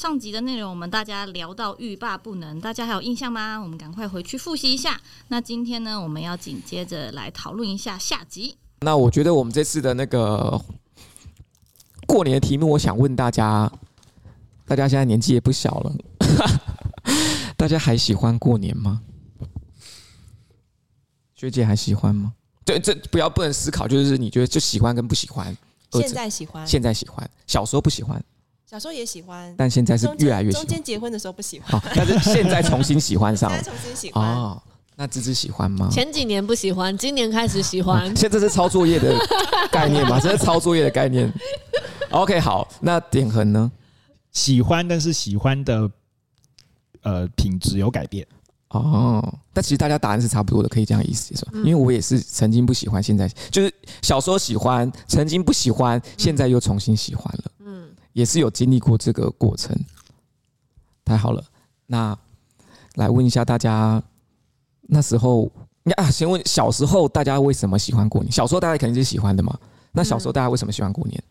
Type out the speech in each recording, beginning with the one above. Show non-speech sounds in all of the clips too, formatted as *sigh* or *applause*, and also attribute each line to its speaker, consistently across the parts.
Speaker 1: 上集的內容，我們大家聊到欲罷不能，大家還有印象嗎？我們趕快回去複習一下。那今天呢，我們要緊接着來討論一下下集。
Speaker 2: 那我覺得我們這次的那個過年的題目，我想問大家：大家現在年紀也不小了， *laughs* 大家還喜歡過年嗎？學姐還喜歡嗎？對，這不要不能思考，就是你覺得就喜歡跟不喜歡。現在喜歡，現在喜歡，小時候不喜歡。
Speaker 3: 小時候也喜歡，但現在是越來越喜歡。中間結婚的時候不喜歡，但是現在重新喜歡上了。現在重
Speaker 2: 新喜歡哦，那芝芝喜歡嗎？前
Speaker 1: 幾年不喜歡，今年開始喜歡。哦、現
Speaker 2: 在是抄作業的
Speaker 1: 概念嗎？這 *laughs* 是抄
Speaker 4: 作業的概念。 *laughs* OK，好，那點恆呢？喜歡，但是喜歡的呃品質有改變哦。但其
Speaker 2: 實大家答案是差不多的，可以這樣，意思是吧，嗯？因為我也是曾經不喜歡，現在就是小時候喜歡，曾經不喜歡，現在又重新喜歡了。也是有經歷過這個過程，太好了。那來問一下大家，那時候啊，先問小時候大家為什麼喜歡過年？小時候大家肯定是喜歡的嘛。那小時候大家為什麼喜歡過年？嗯、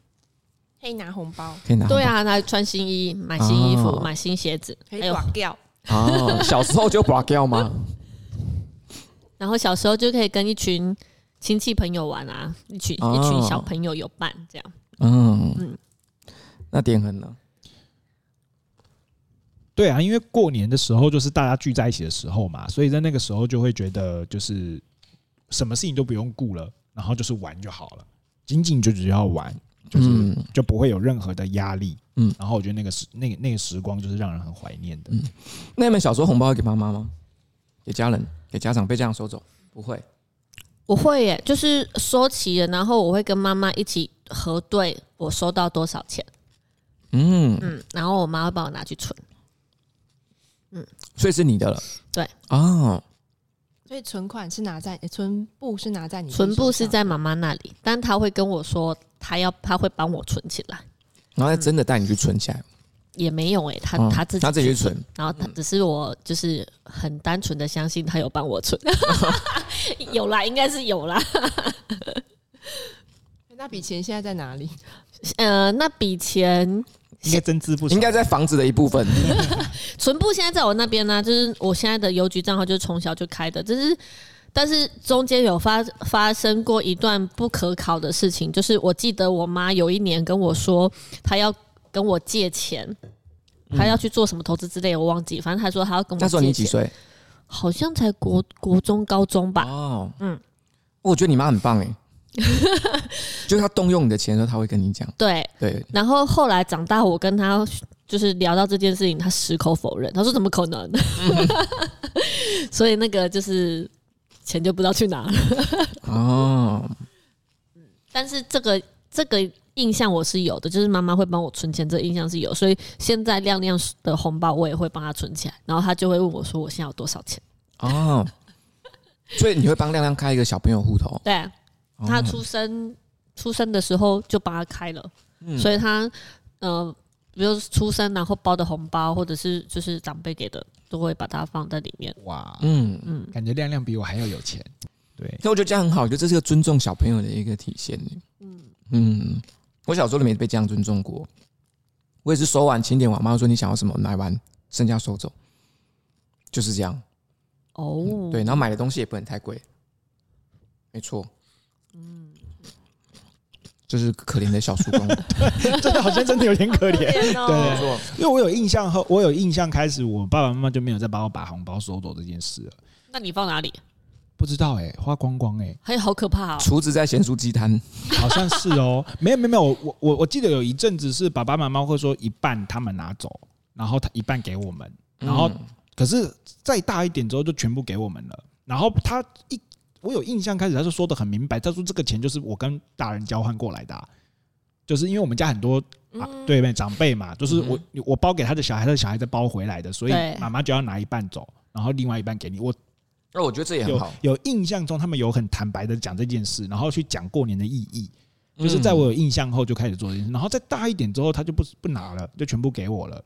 Speaker 1: 可以拿紅包，可以拿對啊，他穿新衣、買新衣服、啊、買新鞋子，可以掛
Speaker 2: 掉啊。小時候就掛掉嗎？
Speaker 1: *laughs* 然後小時候就可以跟一群親戚朋友玩啊，一群、啊、一群小朋友有伴這樣。嗯
Speaker 4: 嗯。那點很呢？對啊，因為過年的時候就是大家聚在一起的時候嘛，所以在那個時候就會覺得就是什麼事情都不用顧了，然後就是玩就好了，僅僅就只要玩，就是就不會有任何的壓力。嗯，然後我覺得那個時、那個那個時光就是讓人很懷念的。妹、嗯、妹小時候紅包要給媽媽嗎？給家
Speaker 2: 人、給家長被這樣收走不會？
Speaker 1: 不會耶，就是收齊了，然後我會跟媽媽一起核對我收到多少錢。嗯嗯，然後我媽會幫我拿去存，
Speaker 2: 嗯，所以是你的了。對啊、哦，
Speaker 3: 所以存款是拿在，欸、存簿是拿在你，存簿是在媽媽那裡，但她會跟
Speaker 1: 我說，她要，她會幫我存起來。
Speaker 2: 然、嗯、後她真的帶你去存起來？
Speaker 3: 也沒
Speaker 1: 有誒、欸，她她自己她自己存，自己存、嗯，然後她只是我就是很單純的相信她有幫我存， *laughs* *laughs* 有啦，應該是有啦。 *laughs* 那筆錢現在在哪裡？呃，那筆錢。
Speaker 2: 應該增資不少，應該在房子的一部分 *laughs* 。
Speaker 1: 存布現在在我那邊呢，就是我現在的郵局賬號就是從小就開的，就是但是中間有發發生過一段不可考的事情，就是我記得我媽有一年跟我說，她要跟我借錢，
Speaker 4: 她要去
Speaker 1: 做什麼投資之類，我忘記，反正她說她要跟我。她說你幾歲？好像才國國中、高中吧。哦，
Speaker 2: 嗯，我覺得你媽很棒誒、欸。 *laughs* 就是他動用你的錢的時候，他會跟你講。對對。
Speaker 1: 然後後來長大，我跟他就是聊到這件事情，他矢口否認，他說怎麼可能，嗯。 *laughs* 所以那個就是錢就不知道去哪了。哦。 *laughs* 但是這個這個印象我是有的，就是媽媽會幫我存錢，這個印象是有。所以現在亮亮的紅包我也會幫他存起來，然後他就會問我說：“我現在有多少錢？”
Speaker 2: 哦。 *laughs* 所以你會幫亮亮開一個小朋友戶頭？ *laughs* 對。他出
Speaker 1: 生出生的時候就把它開了，嗯、所以他呃，比如說出生然後包的紅包或者是就是長輩給的，都會把它放在裡面。哇，嗯嗯，感
Speaker 2: 覺亮亮比我還要有錢。對，那我覺得這樣很好，我覺得這是個尊重小朋友的一個體現。嗯嗯，我小時候都沒被這樣尊重過，我也是收完，清點，我媽媽說你想要什麼，買完剩下收走，就是這樣、
Speaker 1: 嗯。哦，對，
Speaker 2: 然後買的東西也不能太貴，沒錯。
Speaker 4: 嗯，就是可憐的小叔公， *laughs* 真的好像真的有點可憐。 *laughs* 可哦、對，對，對，因為我有印象，後我有印象，開始我爸爸媽媽就沒有再幫我把紅包收走這件事了。那你放哪裡？不知道哎、欸，花光光哎、
Speaker 1: 欸，哎，好可怕、哦！廚
Speaker 4: 子在鹹酥雞攤，好像是哦。沒有，沒有，沒有，我我我記得有一陣子是爸爸媽媽會說一半他們拿走，然後他一半給我們，然後可是再大一點之後就全部給我們了，然後他一。我有印象，開始他就說的很明白，他說這個錢就是我跟大人交換過來的、啊，就是因為我們家很多、啊嗯、對不對長輩嘛，就是我、嗯、我包給他的小孩，他的小孩再包回來的，所以媽媽就要拿一半走，然後另外一半給你。我，哦，
Speaker 2: 我覺得這也很好。有,
Speaker 4: 有印象中，他們有很坦白的講這件事，然後去講過年的意義，
Speaker 2: 就是在我
Speaker 4: 有印象後就開始做這件事，然後再大一點之後，他就不不拿了，就全部給我了。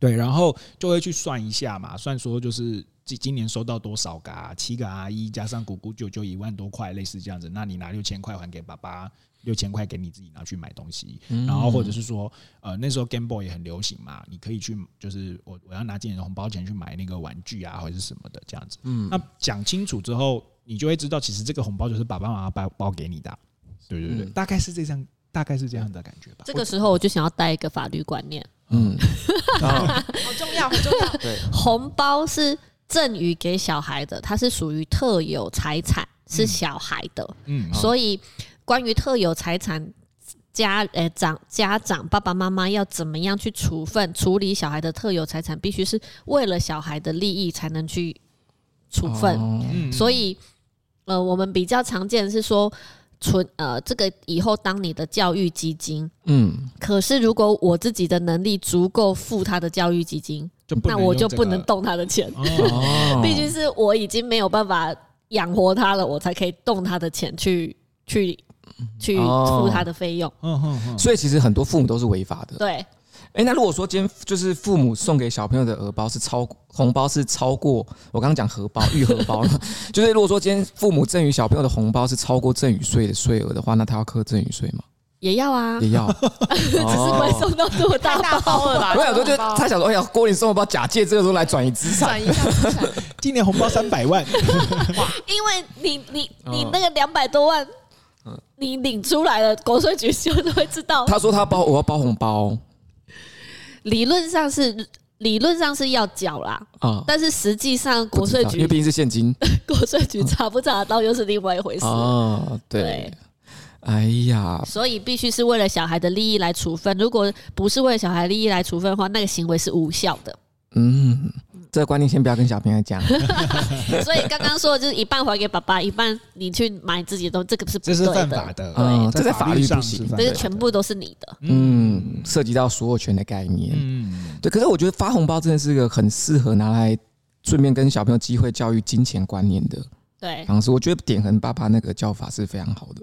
Speaker 4: 對，然後就會去算一下嘛，算說就是今今年收到多少個啊？七個啊？一，加上姑姑舅舅一萬多塊，類似這樣子。那你拿六千塊還給爸爸，六千塊給你自己拿去買東西，嗯。然後或者是說，呃，那時候 Game Boy 也很流行嘛，你可以去，就是我我要拿今年的紅包錢去買那個玩具啊，或者是什麼的這樣子。嗯，那講清楚之後，你就會知道，其實這個紅包就是爸爸媽媽包給你的。對對對，嗯，大概是這樣，大概是這樣的感覺吧。嗯，這個
Speaker 1: 時候我就想要帶一個法律觀念。
Speaker 4: 嗯， *laughs* *laughs* 好重要，很重要。
Speaker 1: 對，紅包是贈予給小孩的，它是屬於特有財產，是小孩的。嗯，嗯所以關於特有財產，家、欸、長、家長、爸爸媽媽要怎麼樣去處分處理小孩的特有財產，必須是為了小孩的利益才能去處分。哦嗯、所以，呃，我們比較常見的是說。存呃，這個以後當你的教育基金。嗯。可是如果我自己的能力足夠付他的教育基金，那我就不能動他的錢。必須是我已經沒有辦法養活他了，我才可以動他的錢去去去付他的費用，
Speaker 2: 哦。所以其實很多父母都是違法的，嗯。對。欸、那如果說今天就是父母送給小朋友的額包是超紅包是超過我剛剛講荷包玉荷包 *laughs* 就是如果說今天父母贈與小朋友的紅包是超過贈與稅的稅額的話，那他要課贈與稅嗎？
Speaker 1: 也要啊，也要， *laughs* 只是沒送到這麼大包、哦、大包了啦。我想說，就
Speaker 2: 他想說，哎呀、欸，過年送紅包，假借這個時候來轉移資產。 *laughs* 今年紅包三百萬 *laughs* ，
Speaker 1: *laughs* 因為你你你那個兩百多萬，你領出來了，國稅局就都會知道。他說他
Speaker 2: 包，我要包紅包、哦。
Speaker 1: 理論上是，理論上是要繳啦，啊、哦，但是實際上國稅局因為畢竟是現金，國稅局查不查得到又是另外一回事，啊、哦，
Speaker 2: 對，哎呀，
Speaker 1: 所以必須是為了小孩的利益來處分，如果不是為了小孩利益來處分的話，那個行為是無效的，
Speaker 2: 嗯。這個觀念先不要跟小朋友講 *laughs* 。
Speaker 1: 所以剛剛說的就是一半還給爸爸，一半你去買自己的東西，這個是不對的，這是犯法的，啊，嗯、在這在法
Speaker 2: 律上不行是的。這是全
Speaker 1: 部都是你的，
Speaker 2: 嗯，涉及到所有權的概念，嗯，對。可是我覺得發紅包真的是一個很適合拿來順便跟小朋友機會教育金錢觀念的，對方式。當時我覺得點橫爸爸那個教法是非常好的，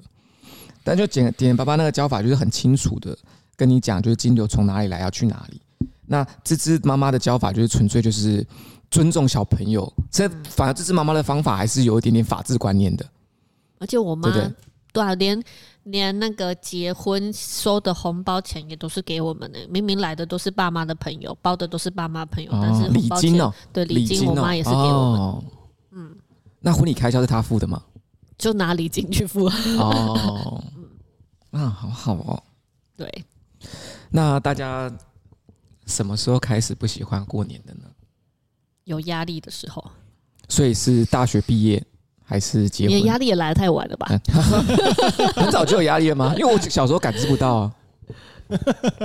Speaker 2: 但就點點橫爸爸那個教法就是很清楚的跟你講，就是金流從哪裡來要去哪裡。那芝芝媽媽的教法就是純粹就是尊重小朋友，這反而芝芝媽媽的方法還是有一點點法治觀念的。
Speaker 1: 而且我媽對年、啊、連，連那個結婚收的紅包錢也都是給我們的、欸，明明來的都是爸媽的朋友，包的都是爸媽朋友，哦、但是禮金呢、哦？對禮金，我媽也是給
Speaker 2: 我們。哦哦、嗯，那婚禮開銷是他付的嗎？
Speaker 1: 就拿禮金去付哦，那
Speaker 2: *laughs* 嗯啊、好好哦。對，那大家。什麼時候開始不喜歡過年的呢？
Speaker 1: 有壓力的時候。
Speaker 2: 所以是大學畢業還是結婚？你的壓力
Speaker 1: 也來得太晚了吧？
Speaker 2: 嗯、 *laughs* 很早就有壓力了嗎？因為我小時候感知不到啊。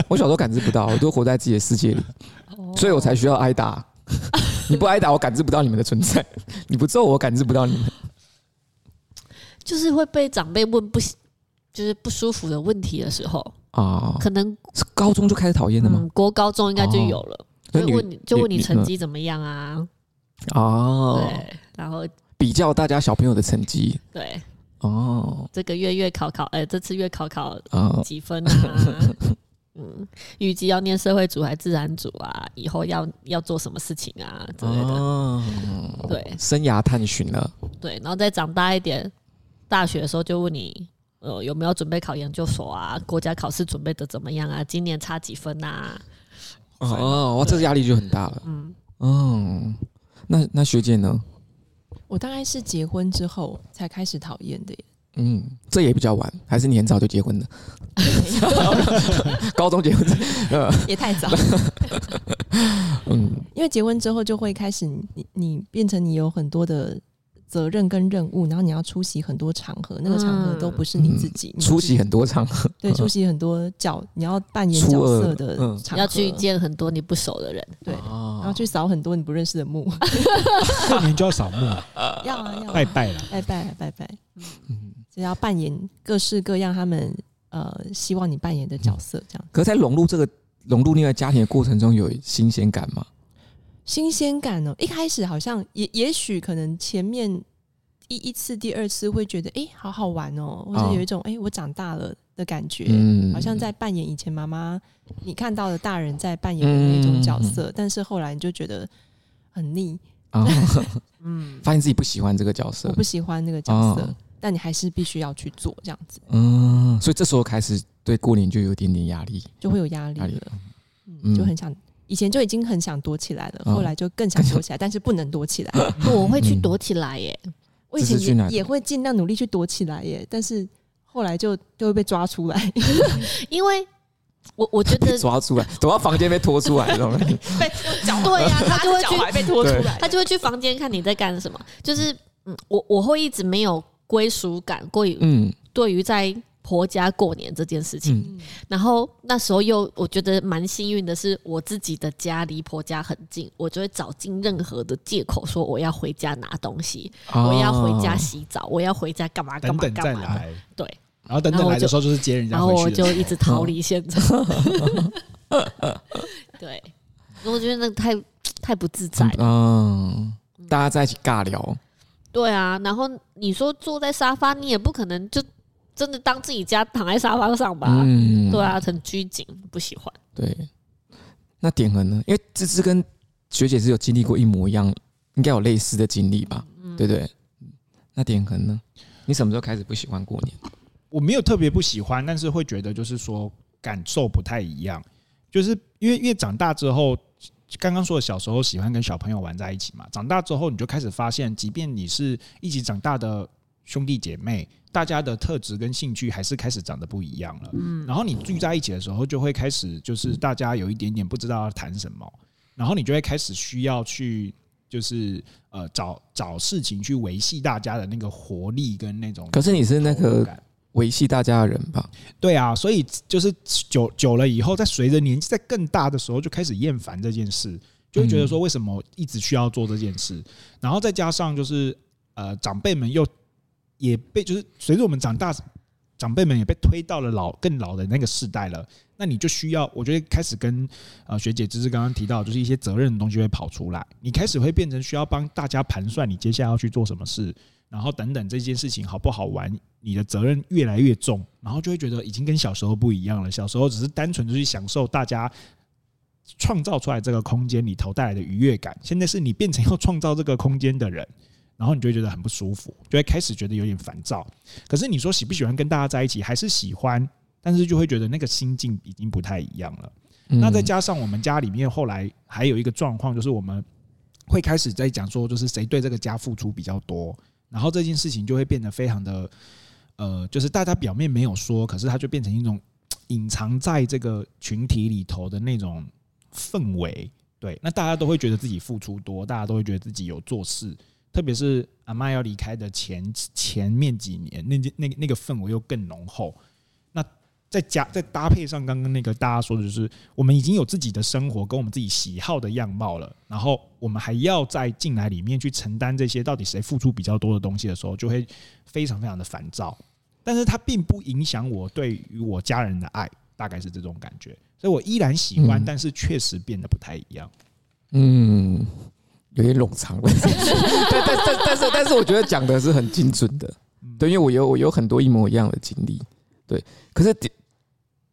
Speaker 2: 我小時候感知不到，我都活在自己的世界裡，所以我才需要挨打。你不挨打，我感知不到你們的存在；你不揍我，感知不到你們。
Speaker 1: 就是會被長輩問不，就是不舒服的問題的時候。
Speaker 2: 啊、oh，可能是高中就開始討厭的嗎、嗯？國高中應該就有了，oh. 就問你就問你成績怎麼樣啊？哦、oh.，對，然後比較大家小朋友的成績，對，哦，oh.
Speaker 1: 這個月月考考，哎、欸，這次月考考、oh. 嗯、幾分、啊、 *laughs* 嗯，預計要念社會組還是自然組啊？以後要要做什麼事情啊之類的
Speaker 2: ？Oh. 對，生涯探尋了，
Speaker 1: 對，然後再長大一點，大學的時候就問你。呃，有沒有準備考研究所啊？國家考試準備的怎麼樣啊？今年差幾分吶、
Speaker 2: 啊？哦，哇，這個壓力就很大了。嗯，嗯，哦，那那學姐呢？
Speaker 3: 我大概是結婚之後才開始討厭的耶。嗯，
Speaker 2: 這也比較晚，還是你很早就結婚的？
Speaker 1: *laughs* *laughs* *laughs* 高中結婚 *laughs* *laughs* 也太早。嗯
Speaker 3: *laughs* 因為結婚之後就會開始你，你你變成你有很多的。責任跟任務，然後你要出席很多場合，那個場合都不是你自己。嗯、出席、嗯、出席很多場合。對，出席很多角，你要扮演角色的場合，要、嗯、去見很多你不熟的人，啊、對，然後去掃很多你不認識的墓。
Speaker 4: 啊、 *laughs* 過年就要掃墓、啊啊，要啊，拜拜了，
Speaker 3: 拜拜、啊、拜拜嗯，嗯，就要扮演各式各樣他們呃希望你扮演的角色，這樣。可
Speaker 2: 是，在融入這個融入另外家庭的過程中，有新
Speaker 3: 鮮感嗎？新鮮感哦，一開始好像也也許可能前面一一次、第二次會覺得哎、欸，好好玩哦，或者有一種哎、哦欸，我長大了的感覺，嗯、好像在扮演以前媽媽你看到的大人在扮演的那種角色。嗯、但是後來你就覺得很膩，嗯,嗯，嗯、發
Speaker 2: 現自己不喜歡這個角色，我不喜歡那個角色，哦、
Speaker 3: 但你還是必須要去做這樣子。嗯，
Speaker 2: 所以這時候開始對過年就有點點壓力，就會有壓力了，啊、嗯嗯就
Speaker 3: 很想。以前就已經很想躲起來了，後來就更想躲起來，哦、但是不能躲起來。我會去躲起來耶、欸嗯，我以前也也會尽量努力去躲起來耶、欸，但是後來就就會被抓出來， *laughs* 因為我我覺得抓
Speaker 2: 出來躲到房間被拖出來，你知道嗎？對，
Speaker 1: 對呀，他就會去，被拖出來，他就會去房間看你在幹什麼，就是嗯，我我會一直沒有歸屬感，過於嗯，對於在。婆家過年這件事情，然後那時候又我覺得蠻幸運的是，我自己的家離婆家很近，我就會找盡任何的借口說我要回家拿東西，
Speaker 4: 我要回家洗澡，我
Speaker 1: 要回家幹嘛幹嘛幹嘛。等等再來，對。然後等等來的時候就是接人家。然後我就一直逃離現場。嗯。嗯，對，我覺得那太太
Speaker 2: 不自在了。嗯。大家在一起尬聊。
Speaker 1: 對啊，然後你說坐在沙發，你也不可能就。真的當自己家躺在沙發上吧，嗯，對啊，很拘謹，不喜歡。
Speaker 2: 對，那點恆呢？因為芝芝跟學姐是有經歷過一模一樣，應該有類似的經歷吧？嗯、對，對對。
Speaker 4: 那點恆呢？你什麼時候開始不喜歡過年？我沒有特別不喜歡，但是會覺得就是說感受不太一樣，就是因為因為長大之後，剛剛說的小時候喜歡跟小朋友玩在一起嘛，長大之後你就開始發現，即便你是一起長大的。兄弟姐妹，大家的特質跟興趣還是開始長得不一樣了。嗯，然後你聚在一起的時候，就會開始就是大家有一點點不知道要談什麼。嗯，然後你就會開始需要去就是呃找找事情去維繫大家的那個活力跟那種。可是你是
Speaker 2: 那個維繫大家的人吧？
Speaker 4: 對啊，所以就是久久了以後，在隨着年紀在更大的時候，就開始厭煩這件事，就會覺得說為什麼一直需要做這件事。嗯，然後再加上就是呃長輩們又。也被就是隨着我們長大，長輩們也被推到了老更老的那個世代了。那你就需要，我覺得開始跟呃學姐芝芝剛剛提到，就是一些責任的東西會跑出來。你開始會變成需要幫大家盤算你接下來要去做什麼事，然後等等這件事情好不好玩，你的責任越來越重，然後就會覺得已經跟小時候不一樣了。小時候只是單純就去享受大家創造出來這個空間裡頭帶來的愉悅感，現在是你變成要創造這個空間的人。然後你就會覺得很不舒服，就會開始覺得有點煩躁。可是你說喜不喜歡跟大家在一起，還是喜歡，但是就會覺得那個心境已經不太一樣了。那再加上我們家裡面後來還有一個狀況，就是我們會開始在講說，就是誰對這個家付出比較多。然後這件事情就會變得非常的，呃，就是大家表面沒有說，可是它就變成一種隱藏在這個群體裡頭的那種氛圍。對，那大家都會覺得自己付出多，大家都會覺得自己有做事。特別是阿媽要離開的前前面幾年，那那那個氛圍又更濃厚。那再加再搭配上剛剛那個大家說的就是，我們已經有自己的生活跟我們自己喜好的樣貌了，然後我們還要再進來裡面去承擔這些，到底誰付出比較多的東西的時候，就會非常非常的煩躁。但是它並不影響我對於我家人的愛，大概是這種感覺。所以我依然喜歡，嗯、但是確實變得不太一樣。嗯。有點冗長了， *laughs* *laughs* 但但但但是但是，但是但是我覺
Speaker 2: 得講的是很精準的，對，因為我有我有很多一模一樣的經歷，對。可是點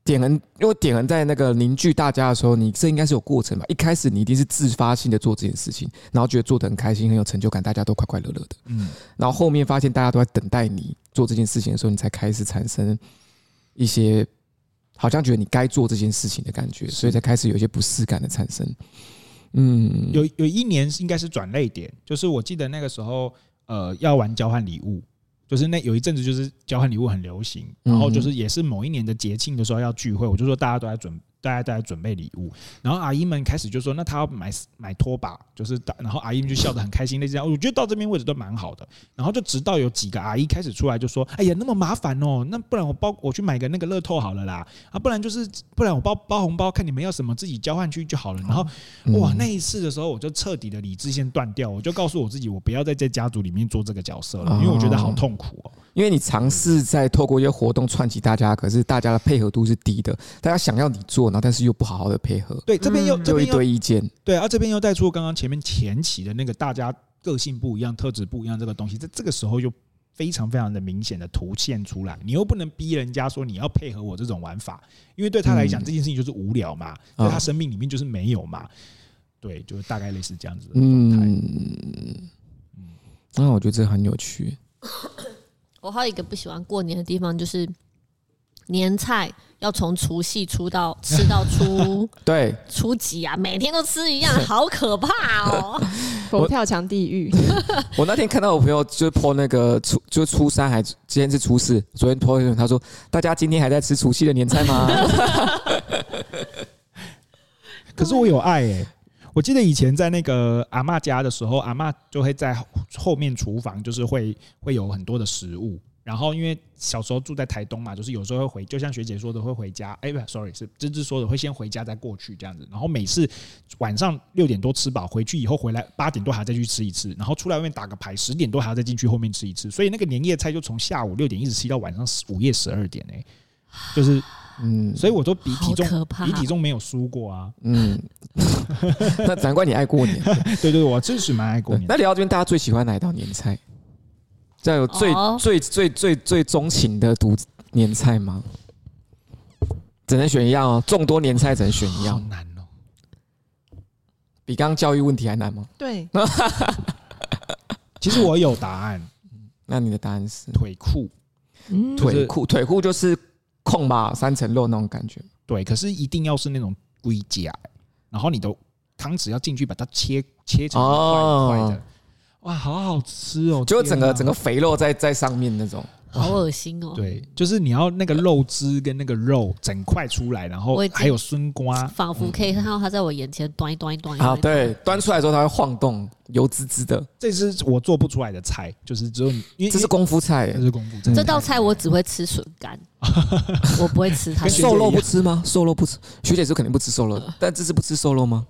Speaker 2: 點，因為點人在那個凝聚大家的時候，你這應該是有過程吧？一開始你一定是自發性的做這件事情，然後覺得做得很開心，很有成就感，大家都快快樂樂的，嗯。然後後面發現大家都在等待你做這件事情的時候，你才開始產生一些好像覺得你該做這件事情的感覺，所以才開始有一些不適感的產生。
Speaker 4: 嗯有，有有一年應該是轉捩點，就是我記得那個時候，呃，要玩交換禮物，就是那有一陣子就是交換禮物很流行，然後就是也是某一年的節慶的時候要聚會，我就說大家都在準備，大家，大家準備禮物，然後阿姨們開始就說：“那她要買買拖把，就是……”然後阿姨們就笑得很開心，那這樣我覺得到這邊位置都蠻好的，然後就直到有幾個阿姨開始出來就說：“哎呀，那麼麻煩哦，那不然我包我去買個那個樂透好了啦，啊，不然就是不然我包包紅包，看你們要什麼自己交換去就好了。”然後，哇，那一次的時候我就徹底的理智線斷掉，我就告訴我自己，我不要再這家族裡面做這個角色了，因為我覺得好痛苦哦。
Speaker 2: 因為你嘗試在透過一些活動串起大家，可是大家的配合度是低的，大家想要你做，然後但是又不好好的配合。對，這邊又、嗯、這邊又，又一堆意見。
Speaker 4: 對，而、啊、這邊又帶出剛剛前面前期的那個大家個性不一樣、特質不一樣這個東西，在這個時候就非常非常的明顯的凸現出來。你又不能逼人家說你要配合我這種玩法，因為對他來講、嗯、這件事情就是無聊嘛，在他生命裡面就是沒有嘛。啊、對，就是大概類似這樣子。
Speaker 2: 嗯，那、嗯啊、我覺得這很有趣。 *coughs*
Speaker 1: 我還有一個不喜歡過年的地方，就是年菜要從除夕出到吃到初 *laughs* 對，初幾啊，每天都吃
Speaker 3: 一樣，好可怕哦！佛跳牆地獄。
Speaker 2: *laughs* 我那天看到我朋友就是破那個初就、那個、就初三還今天是初四，昨天破一他說：“大家今天還在吃除
Speaker 4: 夕的年菜嗎？” *laughs* *laughs* 可是我有愛哎、欸。 *laughs* 我記得以前在那個阿嬤家的時候，阿嬤就會在後面廚房，就是會會有很多的食物。然後因為小時候住在台東嘛，就是有時候會回，就像學姐說的會回家，哎、欸，不，sorry，是芝芝說的會先回家再過去這樣子。然後每次晚上六點多吃飽回去以後回來八點多還要再去吃一次，然後出來外面打個牌，十點多還要再進去後面吃一次。所以那個年夜菜就從下午六點一直吃到晚上午夜十二點哎、欸，就是。嗯，所以我都比體重可怕，比體重沒有輸過啊。
Speaker 2: 嗯， *laughs* *laughs* 那難怪你愛過年。對 *laughs* 對，對，對，我真是蠻愛過年。那聊到這邊大家最喜歡哪一道年菜？在有最、哦、最最最最鍾情的獨年菜嗎？只能選一樣哦。眾多年菜只能選一樣，好難哦，比剛剛教育問題還難嗎？
Speaker 3: 對。
Speaker 2: *laughs* 其實我有答案。那你的答案是腿庫？嗯，腿庫，腿庫就是。空吧，
Speaker 4: 三層肉那種感覺，對，可是一定要是那種龜甲，然後你的湯匙要進去把它切切成一塊一塊的，哦，哇，好好吃哦，就整個整個肥肉在在上面那種。好噁心哦！對，就是你要那個肉汁跟那個肉整塊出來，然後還有筍瓜，
Speaker 1: 仿佛可以看到它在我眼前端一端一端,一端,一端。啊，
Speaker 4: 對，端出來之後它會晃動，油滋滋的。這是我做不出來的菜，就是
Speaker 2: 只有你因為這是功夫菜，這是功夫。這
Speaker 1: 道菜我只會吃筍乾， *laughs* 我不會吃它。瘦肉不吃
Speaker 2: 嗎？瘦肉不吃，學姐是肯定不吃瘦肉的，但這是不吃瘦肉嗎？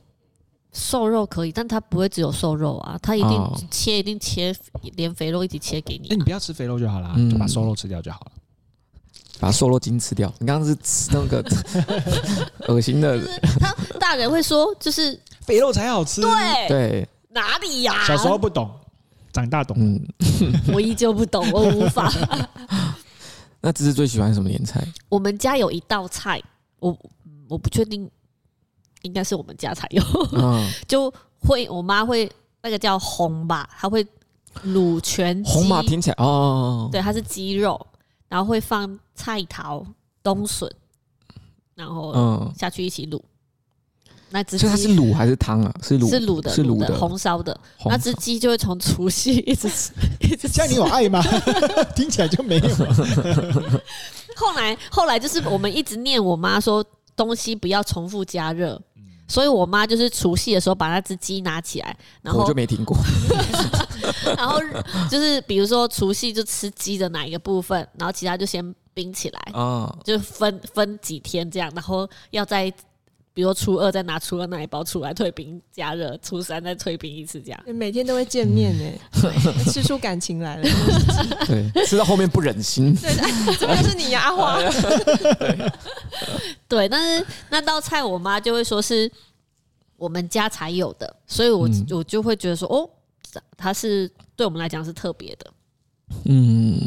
Speaker 1: 瘦肉可以，但它不會只有瘦肉啊，它一定切，哦、一定
Speaker 4: 切，一定切，連肥肉一起切給你，啊嗯欸。那你不要吃肥肉就好了，就把瘦肉吃掉就好了，
Speaker 2: 嗯，把瘦肉精吃掉。你剛剛是吃那個惡 *laughs* *laughs* 心的。他
Speaker 1: 大人會說，就是肥
Speaker 2: 肉才好吃對。對對，
Speaker 1: 哪裡呀，啊？小時候不
Speaker 2: 懂，長大懂。嗯，
Speaker 1: *laughs* 我依舊不懂，我無法
Speaker 2: *laughs* *laughs* 那芝芝最喜歡什麼年菜？
Speaker 1: 我們家有一道菜，我我不確定。應該是我們家才有、嗯， *laughs* 就會我媽會那個叫紅吧，她會滷全雞，紅馬，聽起來哦，對，它是雞肉，然後會放菜頭冬筍，然後嗯下去一起滷。嗯、那隻雞是，是滷還是湯啊？是滷是滷的，是滷的紅燒的。的那隻雞就會從除夕一直吃一直。現在你有愛
Speaker 4: 嗎？ *laughs* *laughs* 聽起來就沒有 *laughs* 。
Speaker 1: 後來後來就是我們一直念我媽說東西不要重複加熱。所以我媽就是除夕的時候把那隻雞拿起來，然後我就沒
Speaker 2: 聽過 *laughs* 。
Speaker 1: 然後就是比如說除夕就吃雞的哪一個部分，然後其他就先冰起來，哦、就分分幾天這樣，然後要在。比如說初二再拿初二那一包出來退冰
Speaker 3: 加熱，初三再退冰一次這樣。每天都會見面呢、欸，吃、嗯、 *laughs* 出感情來了。
Speaker 2: 對， *laughs* 吃到後面不忍心。對這邊
Speaker 1: *laughs* 是你
Speaker 3: 牙花。 *laughs*
Speaker 1: *laughs* 對，但是那道菜我媽就會說是我們家才有的，所以我我就會覺得說、嗯、哦，它是對我們來講是特別的。
Speaker 2: 嗯，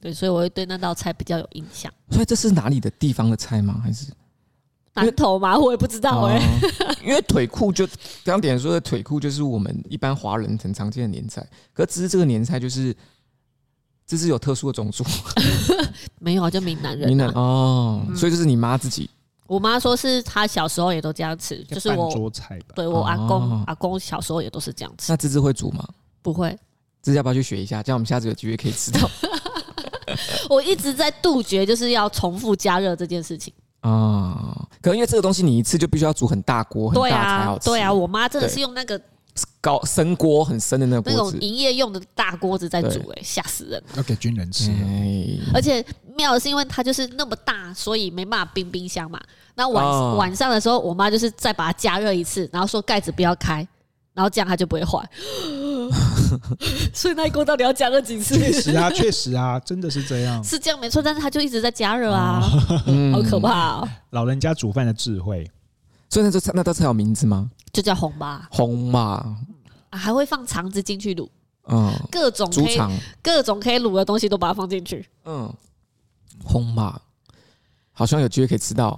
Speaker 1: 對，所以我會對那道菜比較有印象。
Speaker 2: 所以這是哪裡的地方的菜嗎？還是？
Speaker 1: 饅頭嗎？我也不知道哎、欸
Speaker 2: 哦。因為腿褲就剛點說的腿褲，就是我們一般華人很常見的年菜。可是芝芝這個年菜，就是芝芝有特殊的種族。 *laughs* 沒
Speaker 1: 有名男啊，就閩南人。閩南
Speaker 2: 哦、嗯，所以就是你媽自己。
Speaker 1: 我媽說是她小時候也都這樣吃，就是我辦桌菜吧。對我阿公、哦，阿公小時候也都是這樣吃。
Speaker 2: 那芝芝會煮嗎？不會。芝芝要不要去學一下？這樣我們下次有機會可以吃到。
Speaker 1: *laughs* 我一直在杜絕，就是要重複加熱這件事情。
Speaker 2: 啊、哦，可能因為這個東西你一次就必須要煮很大鍋，對啊很大才好吃，對啊，
Speaker 1: 我媽真的是用那個
Speaker 2: 高深鍋很深的那個那種營
Speaker 1: 業用的大鍋子在煮，欸，哎，嚇死人！
Speaker 4: 要給軍人吃，哎，而
Speaker 1: 且妙的是因為它就是那麼大，所以沒辦法冰冰箱嘛。那晚、哦、晚上的時候，我媽就是再把它加熱一次，然後說蓋子不要開，然後這樣它就不會壞。 *laughs* *laughs* 所以那一鍋到底要加熱幾次？確實
Speaker 4: 啊，確實啊，真的是這樣，是
Speaker 1: 這樣沒錯。但是它就一直在加熱啊，啊，
Speaker 4: 好可怕哦，老人家煮飯的智慧。所以那道菜那道菜有名字嗎？就叫紅嘛。紅嘛，
Speaker 1: 還會放腸子進去滷。
Speaker 4: 嗯，各種豬
Speaker 1: 腸，各種可以滷的東西都把它放進去。
Speaker 2: 嗯，紅嘛。好像有機會可以吃到。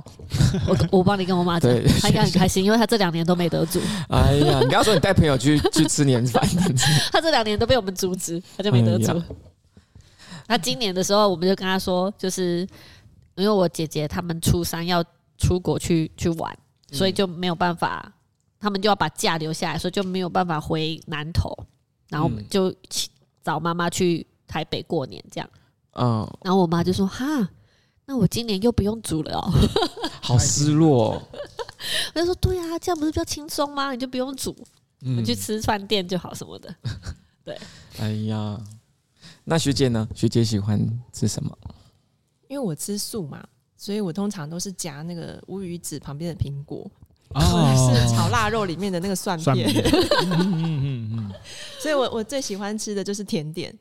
Speaker 1: 我，我我幫你跟我媽講，她應該很開心， *laughs* 因為她這兩年都沒得煮。
Speaker 2: 哎呀，你要說你帶朋友去 *laughs* 去吃年飯，
Speaker 1: 她這兩年都被我們阻止，她就沒得煮，哎。那今年的時候，我們就跟她說，就是因為我姐姐她們初三要出國去去玩，所以就沒有辦法，她、嗯、們就要把假留下來，所以就沒有辦法回南投，然後我們就找媽媽去台北過年這樣。嗯，然後我媽就說哈。那我今年又不用煮了
Speaker 2: 哦，好失落，
Speaker 1: 哦。嗯、 *laughs* 我就說對呀，啊，這樣不是比較輕鬆嗎？你就不用煮，你去吃飯店就好什麼的。對，
Speaker 2: 哎呀，那學姐呢？學姐喜歡吃什麼？
Speaker 3: 因為我吃素嘛，所以我通常都是夾那個烏魚子旁邊的蘋果，是炒臘肉裡面的那個蒜片。嗯嗯嗯，所以我我最喜歡吃的就是甜點。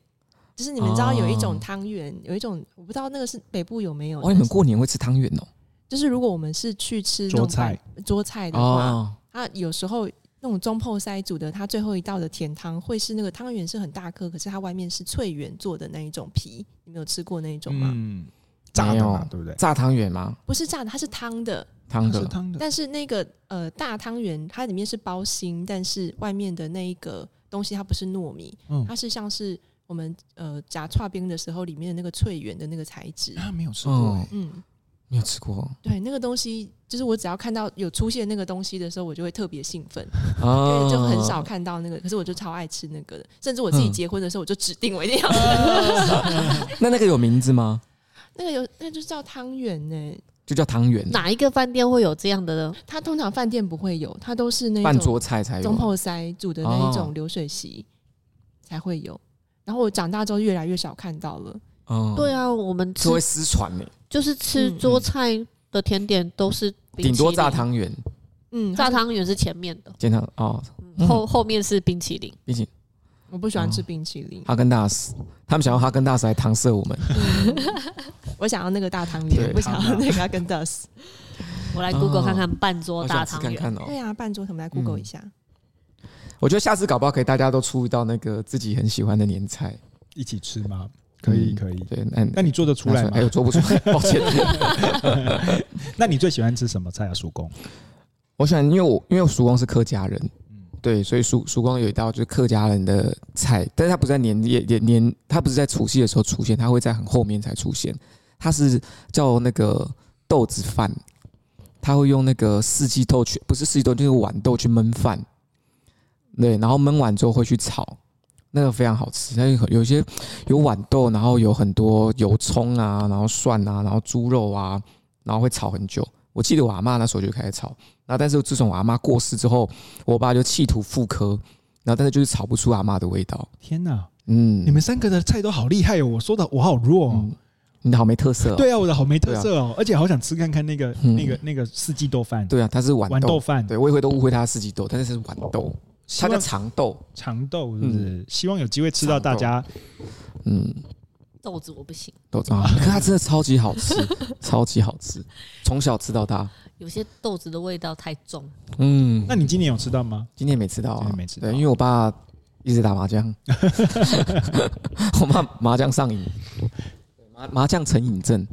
Speaker 3: 就是你們知道有一種湯圓、哦，有一種我不知道那個是北部有沒有？哦，你們過年會吃湯圓哦。就是如果我們是去吃桌菜桌菜的話，哦、它有時候那種中剖塞煮的，它最後一道的甜湯會是那個湯圓是很大顆，可是它外面是脆圓做的那一種皮，你們有吃過那一種嗎？嗯，炸的，對不
Speaker 2: 對？炸湯圓嗎？
Speaker 3: 不是炸的，它是湯的，湯的，湯、嗯、的。但是那個呃大湯圓，它裡面是包心，但是外面的那一個東西它不是糯米，它是像是。我們呃夾剉冰的時候，裡面的那個脆圓的那個材質，他沒
Speaker 4: 有吃過。嗯，
Speaker 2: 沒有吃過、欸嗯有
Speaker 3: 吃過哦。對，那個東西，就是我只要看到有出現那個東西的時候，我就會特別興奮，哦，就很少看到那個。可是我就超愛吃那個的，甚至我自己結婚的時候，我就指定我一定要吃。哦。 *laughs* 那
Speaker 2: 那個有名字嗎？
Speaker 3: 那個有，那個，就叫湯圓呢，
Speaker 2: 就叫湯圓。
Speaker 3: 哪一個飯店會有這樣的？他通常飯店不會有，他都是那辦桌菜才有中後塞煮的那一種流水席才有、哦，才會有。然後我長大之後越來越少看到了，嗯，對啊，我們只會失傳呢、
Speaker 2: 欸，
Speaker 1: 就
Speaker 3: 是吃桌
Speaker 1: 菜的甜點都是冰淇淋，頂多炸湯圓，嗯，炸湯圓是前面的，
Speaker 2: 煎湯啊，
Speaker 3: 後、嗯、後面是冰淇淋，冰淇，我不喜歡吃冰淇淋，
Speaker 2: 哈根達斯，他們想要哈根達斯來搪塞我們，
Speaker 3: *laughs* *laughs* 我想要那個大湯圓，不想要那個哈根達斯， *laughs* 我來 Google 看看半桌大湯圓，對、哦哦哎、呀，半桌可不可以來 Google 一下。嗯
Speaker 2: 我覺得下次搞不好可以，大家都出一道那個自己很喜歡的年菜，
Speaker 4: 一起吃嗎？可以，嗯、可以。對，那那你做得出，出來，還、欸、有做不出來，抱歉。 *laughs* *laughs* *laughs* 那你最喜歡吃什麼菜啊？叔公。
Speaker 2: 我喜歡，因為我因為我叔公是客家人，嗯、對，所以叔叔公有一道就是客家人的菜，但是他不是在年夜年年，他不是在除夕的時候出現，他會在很後面才出現。他是叫那個豆子飯，他會用那個四季豆去，不是四季豆，就是豌豆去燜飯。嗯對，然後燜完之後會去炒，那個非常好吃。那有些有豌豆，然後有很多油蔥啊，然後蒜啊，然後豬肉啊，然後會炒很久。我記得我阿媽那時候就開始炒，那但是自從我阿媽過世之後，我爸就企圖復刻，然後但是就是炒不出阿媽的味道。
Speaker 4: 天哪，嗯，你們三個的菜都好厲害哦！我說的我好弱哦，嗯，你的好沒特色哦。對啊，我的好沒特色哦，啊，而且好想吃看看那個，嗯，那個那個四季豆飯。對啊，它是豌豆，豌豆飯。對，我也會都誤會它是四季豆，但是是豌豆。它叫長豆，長豆是，不是、嗯、希望有機會吃到大家。
Speaker 2: 嗯，
Speaker 1: 豆子我不行豆子、啊，啊、可它真的超級好吃， *laughs* 超
Speaker 2: 級好吃，從小吃到大。
Speaker 1: 有些豆子的味道太重，
Speaker 4: 嗯，那你今年有吃
Speaker 2: 到嗎？今年沒吃到啊，沒吃到、啊對，因為我爸一直打麻將， *laughs* *laughs* 我怕麻將上癮，麻麻將成癮症。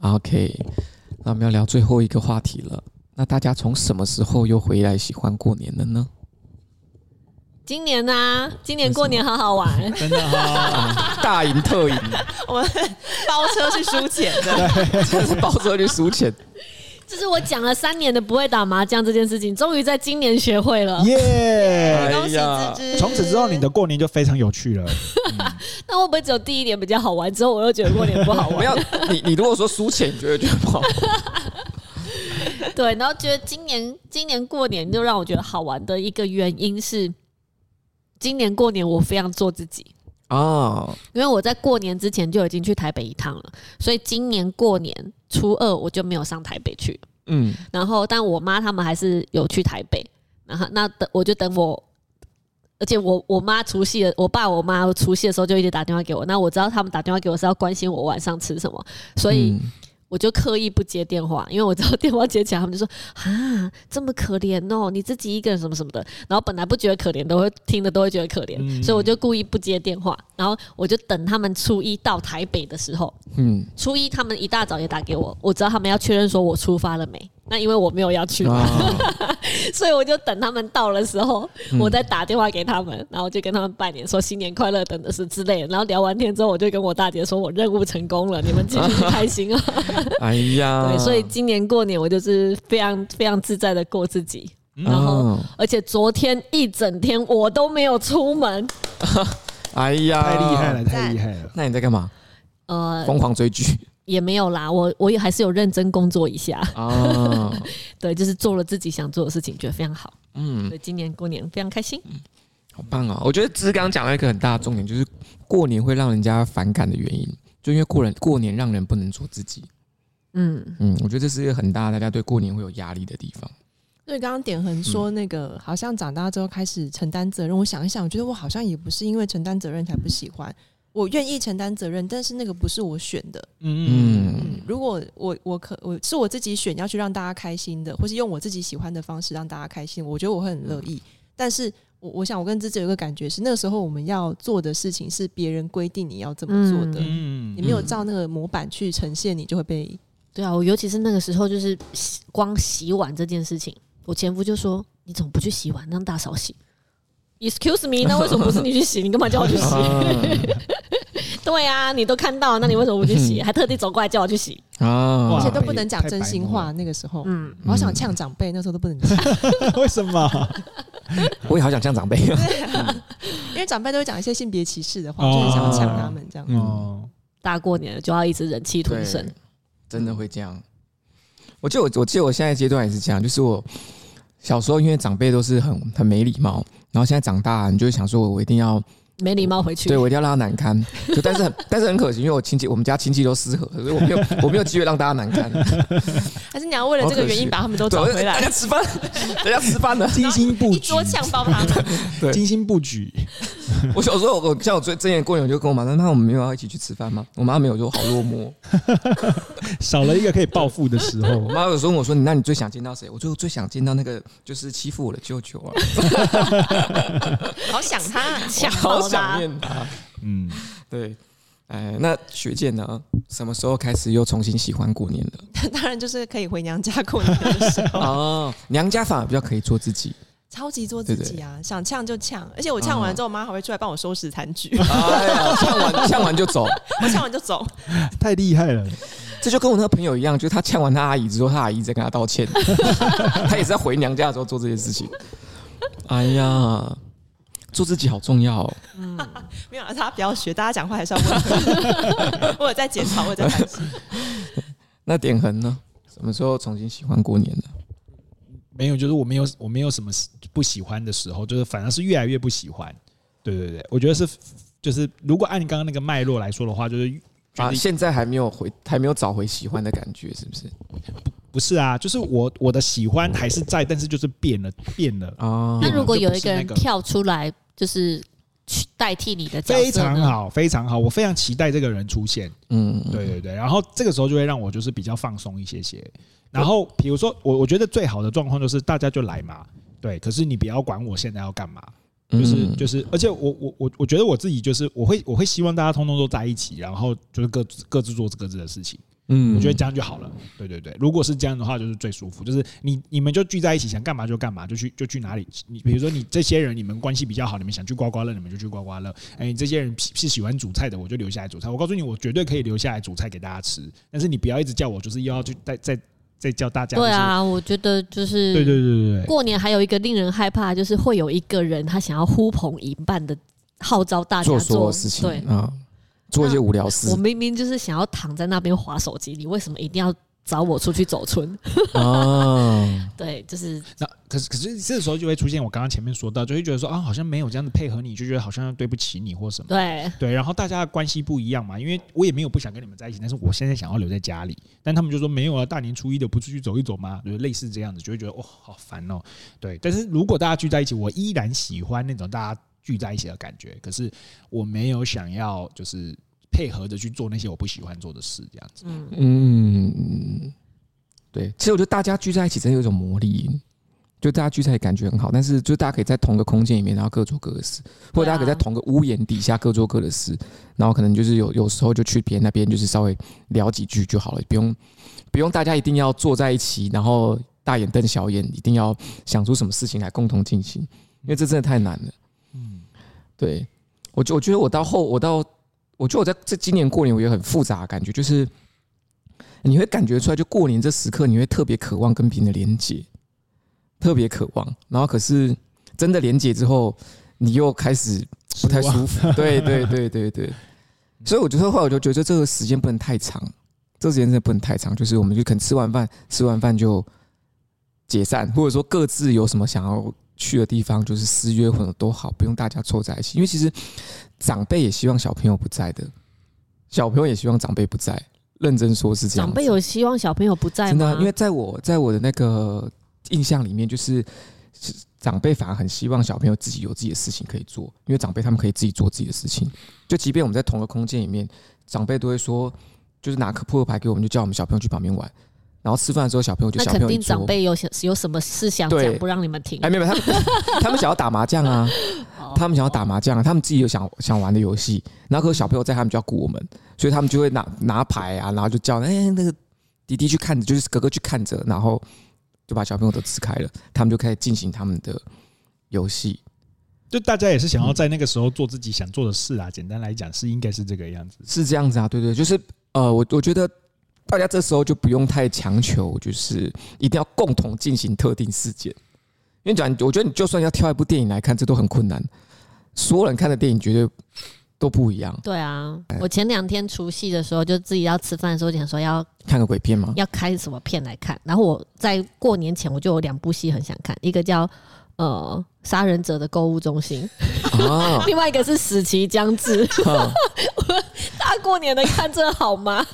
Speaker 2: OK，那我們要聊最後一個話題了。那大家從什麼時候又回來喜歡過年了呢？
Speaker 1: 今年啊，今年過年好好玩， *laughs* 真的啊！
Speaker 2: *laughs* 大贏特贏，
Speaker 1: 我們包車去輸錢的，
Speaker 2: 真的是包車
Speaker 4: 去輸錢。
Speaker 1: 這 *laughs* 是我講了三年的不會打麻將這件事情，終於在今年學會了。耶、yeah,
Speaker 4: yeah,！哎呀，從此之後你的過年就非常有趣了。
Speaker 1: 那會不會只有第一年比較好玩？之後我又覺得過年不好玩？
Speaker 4: 要， *laughs* 你你如果說輸錢，你覺得覺得
Speaker 2: 不好玩？
Speaker 1: *laughs* 對，然後覺得今年今年過年就讓我覺得好玩的一個原因是。今年過年我非常做自己
Speaker 2: 哦，Oh. 因
Speaker 1: 為我在過年之前就已經去台北一趟了，所以今年過年初二我就沒有上台北去。嗯，然後但我媽他們還是有去台北，然後那等我就等我，而且我我媽除夕的，我爸我媽除夕的時候就一直打電話給我，那我知道他們打電話給我是要關心我晚上吃什麼，所以。嗯我就刻意不接電話，因為我知道電話接起來，他們就說啊，這麼可憐哦，你自己一個人什麼什麼的。然後本來不覺得可憐的，我聽了都會覺得可憐，嗯，所以我就故意不接電話。然後我就等他們初一到台北的時候，嗯，初一他們一大早也打給我，我知道他們要確認說我出發了沒。那因為我沒有要去嘛，wow. *laughs* 所以我就等他們到的時候，我再打電話給他們，然後就跟他們拜年說新年快樂等的是之類的，然後聊完天之後，我就跟我大姐說我任務成功了，你們繼續開心啊！uh-huh.
Speaker 2: *laughs* 哎呀，對，所以
Speaker 1: 今年過年我就是非常非常自在的過自己，然後而且昨天一整天我都沒有出門。
Speaker 2: uh-huh. *laughs* 哎呀，太厲害了，太厲害了！那你在幹嘛？
Speaker 1: 呃，瘋狂追劇。也沒有啦，我我也還是有認真工作一下，哦、 *laughs* 對，就是做了自己想做的事情，覺得非常好。
Speaker 2: 嗯，所以
Speaker 1: 今年過年非常開心，嗯，
Speaker 2: 好棒啊，哦！我覺得只是剛剛講了一個很大的重點，就是過年會讓人家反感的原因，就因為過人過年讓人不能做自己。嗯嗯，我覺得這是一個很大，大家對過年會有壓力的地方。
Speaker 3: 所以剛剛點橫說那個，嗯、好像長大之後開始承擔責任，我想一想，我覺得我好像也不是因為承擔責任才不喜歡。我願意承擔責任，但是那個不是我選的。嗯，嗯如果我我可我是我自己選要去讓大家開心的，或是用我自己喜歡的方式讓大家開心，我覺得我會很樂意、嗯。但是我我想，我跟自己有個感覺是，那個時候我們要做的事情是別人規定你要怎麼做的、嗯，你沒有照那個模板去呈現，你就會被。嗯、對啊，我尤其是那個時候，就是洗光洗碗這件事情，我前夫就說：“你怎麼不去
Speaker 1: 洗碗，讓大嫂洗？”Excuse me？那為什麼不是你去洗？ *laughs* 你幹嘛叫我去洗？ *laughs* *laughs*
Speaker 3: 對啊，你都看到，那你為什麼不去洗？還特地走過來叫我去洗
Speaker 4: 啊？而且都不能講真心話，
Speaker 3: 那個時候，嗯，我好想嗆長輩、嗯，那個、時候都不能嗆。
Speaker 4: 為什麼？
Speaker 2: 我也好想嗆長輩、
Speaker 3: 嗯，因為長輩都會講一些性別歧視的話，嗯、就是想嗆他們、哦、這樣。哦、嗯，大過年了就要一直忍氣吞聲，
Speaker 2: 真的會這樣。我記得我，我記得我現在階段也是這樣，就是我小時候因為長輩都是很很沒禮貌，然後現在長大，你就會想說，我一定要。沒禮貌回去、欸對，對，我一定要讓他難堪。就但是很 *laughs* 但是很可惜，因為我親戚，我們家親戚都失和，所以我沒有，我沒有機會讓大家難堪。
Speaker 1: *laughs* 但是你要為了這個原因把他們都找回來。大家吃飯，大家吃飯呢，精心布
Speaker 3: 局一桌包他
Speaker 2: 對，對，精心布局。我小時候我，我像我最最近的過年，我就跟我媽說，那我們沒有要一起去吃飯嗎？我媽沒有就好落寞， *laughs* 少了一個可以報復的時候。我媽有時候問我說，我說你那你最想見到誰？我最後最想見到那個就是欺負我的舅舅
Speaker 3: 啊， *laughs* 好想他，想。
Speaker 2: 想念他，嗯，對，哎，那學姊呢？什麼時候開始又重新喜歡過年
Speaker 3: 了？當然就是可以回娘家過年的時
Speaker 2: 候哦。娘家反而比較可以做自己，
Speaker 3: 超級做自己啊！對對對想嗆就嗆，而且我嗆完之後，我、啊、媽還會出來幫我收拾殘局。哎呀，嗆完嗆完就走，嗆完,嗆完就走，
Speaker 2: 太厲害了！這就跟我那個朋友一樣，就是他嗆完他阿姨之後，說他阿姨在跟他道歉， *laughs* 他也是在回娘家的時候做這些事情。哎呀。做自己好重要
Speaker 3: 哦。嗯，沒有，大家不要學，大家講話還是要問，或 *laughs* 者在檢討，或者在反
Speaker 2: 思。那點恆呢？
Speaker 4: 什麼時候重新喜歡過年呢？沒有，就是我沒有，我沒有什麼不喜歡的時候，就是反而是越來越不喜歡。對對對，我覺得是，就是如果按你剛剛那個脈絡來說的話，就是啊，現在還沒有回，還沒有找回喜歡的感覺，是不是？不是啊，就是我我的喜歡還是在，但是就是變了變了啊。那如果有一個人跳
Speaker 1: 出來，就是去代替你的，非常
Speaker 4: 好，非常好，我非常期待這個人出現。嗯，嗯，對對對。然後這個時候就會讓我就是比較放鬆一些些。然後比如說我我覺得最好的狀況就是大家就來嘛，對。可是你不要管我現在要幹嘛，
Speaker 3: 就是就
Speaker 4: 是，而且我我我我覺得我自己就是我會我會希望大家通通都在一起，然後就是各各自做各自的事情。嗯，我覺得這樣就好了。對對對，如果是這樣的話，就是最舒服。就是你你們就聚在一起，想幹嘛就幹嘛，就去就去哪裡。你比如說，你這些人你們關係比較好，你們想去刮刮樂，你們就去刮刮樂。哎、欸，這些人是喜歡煮菜的，我就留下來煮菜。我告訴你，我絕對可以留下來煮菜給大家吃。但是你不要一直叫我，就是又要去再再再、嗯、叫大家、就是。對啊，
Speaker 1: 我覺得就是對對對對對，對。過年還有一個令人害怕，就是會有一個人他想要呼朋引伴的號召大家做，做所有事情，對、啊
Speaker 4: 做一些無聊事，我
Speaker 1: 明明就是想要躺在那邊滑手機，你為什麼一定要找我出去走春？
Speaker 4: 啊， *laughs* 對，就是那，可是可是這時候就會出現我剛剛前面說到，就會覺得說啊，好像沒有這樣子配合你，就覺得好像對不起你或什麼。對對，然後大家的關係不一樣嘛，因為我也沒有不想跟你們在一起，但是我現在想要留在家裡，但他們就說沒有啊，大年初一的不出去走一走嘛，就類似這樣子，就會覺得哦，好煩哦。對，但是如果大家聚在一起，我依然喜歡那種大家。聚在一起的感覺，可是我沒有想要就是配合着去做那些我不喜歡做的事這樣子。
Speaker 2: 嗯，對。其實我覺得大家聚在一起真的有一種魔力，就大家聚在一起感覺很好。但是，就大家可以在同個空間裡面，然後各做各的事，或者大家可以在同個屋檐底下各做各的事，啊。然後，可能就是有有時候就去別人那邊，就是稍微聊幾句就好了，不用不用大家一定要坐在一起，然後大眼瞪小眼，一定要想出什麼事情來共同進行，因為這真的太難了。對，我覺我覺得我到後我到，我覺得我在這今年過年我有很複雜的感覺，就是你會感覺出來，就過年這時刻，你會特別渴望跟別人的連接，特別渴望，然後可是真的連接之後，你又開始不太舒服，對對對對對，對，所以我覺得後來我就覺得這個時間不能太長，這個時間真的不能太長，就是我們就可能吃完飯吃完飯就解散，或者說各自有什麼想要。去的地方就是私約混的都好，不用大家湊在一起。因為其實長輩也希望小朋友不在的，小朋友也希望長輩不在。認真說是這樣，長
Speaker 1: 輩有希望小朋友不在嗎？真的啊，因為
Speaker 2: 在我在我的那個印象裡面，就是長輩反而很希望小朋友自己有自己的事情可以做，因為長輩他們可以自己做自己的事情。就即便我們在同個空間裡面，長輩都會說，就是拿顆撲克牌給我們，就叫我們小朋友去旁邊玩。然後吃飯的時候，小朋友就小朋友坐那肯定長輩
Speaker 1: 有,有什麼事想講，不讓你們聽、哎。沒有他，
Speaker 2: 他們想要打麻將啊， *laughs* 哦、他們想要打麻將啊，他們自己有想想玩的遊戲。然後可是小朋友在他們家顧我們，所以他們就會拿拿牌啊，然後就叫哎、欸、那個弟弟去看着，就是哥哥去看着，然後就把小朋友都支開了，他們就開始進行他們的遊戲。
Speaker 4: 就大家也是想要在那個時候做自己想做的事啊。嗯、簡單來講，是應該是這個樣子，
Speaker 2: 是這樣子啊。對對,對，就是呃，我我覺得。大家這時候就不用太強求，就是一定要共同進行特定事件。因為講，我覺得你就算要挑一部電影來看，這都很困難。所有人看的電影絕對都不一樣。
Speaker 1: 對啊，我前兩天除夕的時候，就自己要吃飯的時候，想說要
Speaker 2: 看個鬼片嗎？要
Speaker 1: 開什麼片來看？然後我在過年前，我就有兩部戲很想看，一個叫呃《殺人者的購物中心》，啊，另外一個是《死期將至》。大過年的看這好嗎？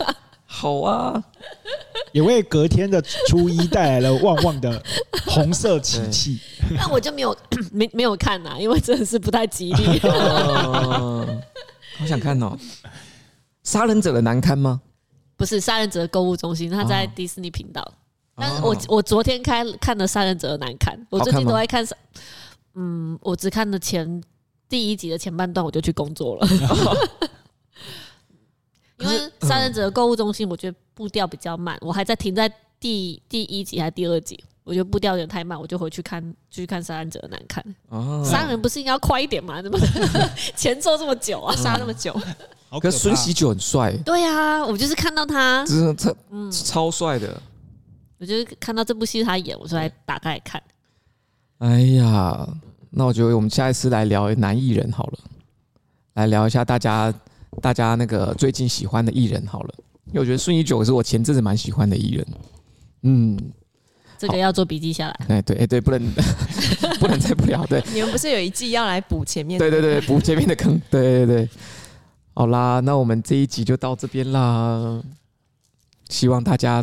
Speaker 2: 好啊，
Speaker 4: 也為隔天的初一帶來了旺旺的紅色喜氣，那
Speaker 1: 我就沒有沒沒有看呐、啊，因為真的是不太吉
Speaker 4: 利。好想看哦，
Speaker 2: 《殺人者的難堪》嗎？
Speaker 1: 不是《殺人者的購物中心》，他在迪士尼頻道。但我我昨天看看了《殺人者的難堪》，我最近都在看。嗯，我只看了前第一集的前半段，我就去工作了。 *laughs* 因為殺人者的購物中心，我覺得步調比較慢。我還在停在第第一集還是第二集？我覺得步調有點太慢，我就回去看，繼續看殺人者難看。殺、啊、人不是應該快一點嗎？怎 *laughs* 麼前奏這麼久啊？殺、啊、那麼久？嗯、
Speaker 2: 好可，可是孫錫久很帥。
Speaker 1: 對呀、啊，我就是看到他，真的、嗯、
Speaker 2: 超超帥的。
Speaker 1: 我就是看到這部戲他演，我就來打開來看。
Speaker 2: 哎呀，那我覺得我們下一次來聊男藝人好了，來聊一下大家。大家那個最近喜歡的藝人好了，因為我覺得順義九是我前陣子蠻喜歡的藝人。嗯，
Speaker 3: 這個要做筆記下來、
Speaker 2: 哦。哎，對，對，不能 *laughs* 不能再不聊了。對、對、對、對，你們
Speaker 3: 不是有一季要來補前面的？ *laughs* 對、對、對、對、對，補前面的
Speaker 2: 坑。對、對、對。好啦，那我們這一集就到這邊啦。希望大家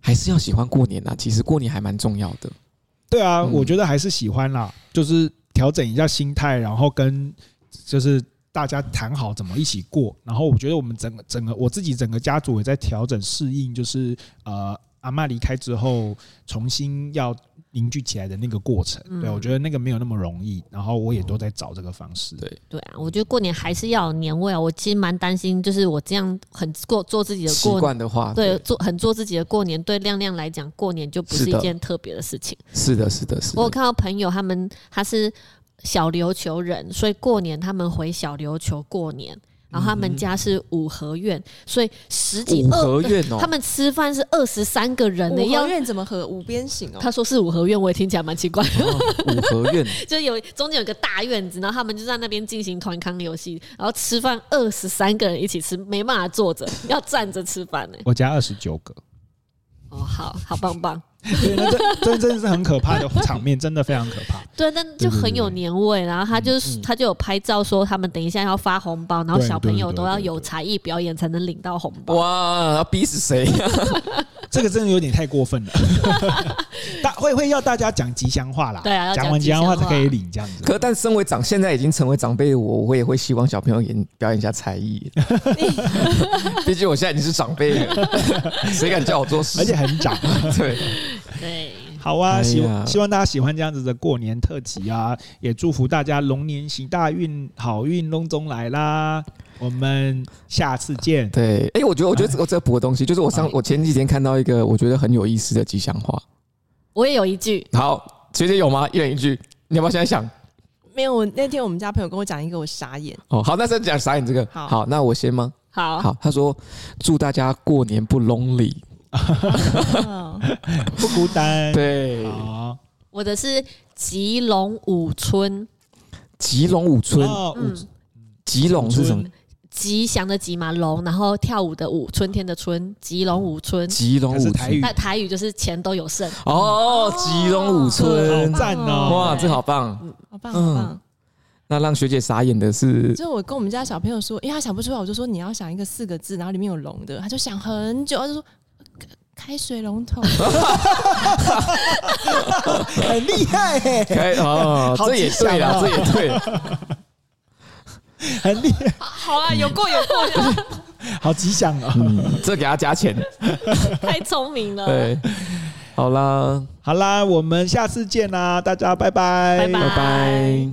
Speaker 2: 還
Speaker 4: 是要喜歡過年吶，其實過年還蠻重要的。對啊、嗯，我覺得還是喜歡啦，就是調整一下心態，然後跟就是。大家談好怎麼一起過，然後我覺得我們整個整個我自己整個家族也在調整適應，就是呃阿嬤離開之後重新要凝聚起來的那個過程。嗯、對我覺得那個沒有那麼容易，然後我也都在找這個方式、嗯，對。對，
Speaker 1: 對啊，我覺得過年還是要有年味啊。我其實蠻擔心，就是我這樣很過做自己的習慣的話，對，對做很做自己的過年，對亮亮來講，過年就不是一件特別的事情。是的，是的，是的。是的，我有看到朋友他們他是，小琉球人，所以過年他們回小琉球過年，然後他們家是五合院，嗯嗯所以十幾二，五合院哦、他們吃飯是二十三個人的。五合院
Speaker 3: 怎麼合五邊形哦？他
Speaker 1: 說是五合院，我也聽起來蠻奇怪
Speaker 3: 的、
Speaker 2: 哦。五合院 *laughs*
Speaker 1: 就有中間有個大院子，然後他們就在那邊進行團康遊戲，然後吃飯二十三個人一起吃，沒辦法坐着，要站着吃飯呢。
Speaker 4: 我家二十九個，
Speaker 1: 哦，好好棒棒。 *laughs*
Speaker 4: 對，那這真真真是很可怕的場面，真的非常可怕。
Speaker 1: 對，但就很有年味。然後他就是他就有拍照說，他們等一下要發紅包，然後小朋友都要有才藝表演才能領到紅
Speaker 4: 包。哇，要逼死誰？ *laughs* 這個真的有點太過分了。 *laughs* 大會會要大家講吉祥話啦。對啊，講完吉祥話才可以領這樣子。
Speaker 2: 可但身為長，現在已經成為長輩的我，我也會希望小朋友演表演一下才藝。
Speaker 4: 畢 *laughs* 竟我現在已經是長輩了，誰 *laughs* 敢叫我做事？而且很長。對。對，好啊，希、哎、希望大家喜歡這樣子的過年特輯啊，也祝福大家龍年行大運，好運隆中來啦！我們下次見。
Speaker 2: 對，哎、欸，我覺得，我覺得我再補個，個東西、哎，就是我上、哎、我前幾天看到一個我覺得很有意思的吉祥話，
Speaker 3: 我也有一句。
Speaker 2: 好，學姊有嗎？一人一句，你要不要先想？
Speaker 3: 沒有，我那天我們家朋友跟我講一個，我傻眼。
Speaker 2: 哦，好，那再講傻眼這個好，好，那我先嗎？好好，他說祝大家過年不 lonely。哈哈哈哈不孤單，對，好、哦、
Speaker 1: 我的是吉隆舞春。
Speaker 2: 吉隆舞春，哦，嗯，吉隆是什麼？
Speaker 1: 吉祥的吉嘛，龍，然後跳舞的舞，春天的春，吉隆舞春，吉隆舞台語，那台
Speaker 3: 語就是錢都有剩。
Speaker 2: 哦。哦，吉隆舞春，讚哦，哦，哇，這好棒，好棒，好棒。嗯，那讓學姐傻眼的是，
Speaker 3: 就我跟我們家小朋友說，因、欸、為他想不出來，我就說，你要想一個四個字，然後裡面有龍的，他就想很久，他就說。開水龍頭，
Speaker 4: 很厲害哎！哦，這也對了，這也對，
Speaker 3: 很厲害好。好啊，有過有
Speaker 1: 過，
Speaker 4: 好吉祥啊，這給他加錢，
Speaker 1: 太聰明了。對，
Speaker 4: 好啦，好啦，我們下次見啦，大家拜拜，拜拜。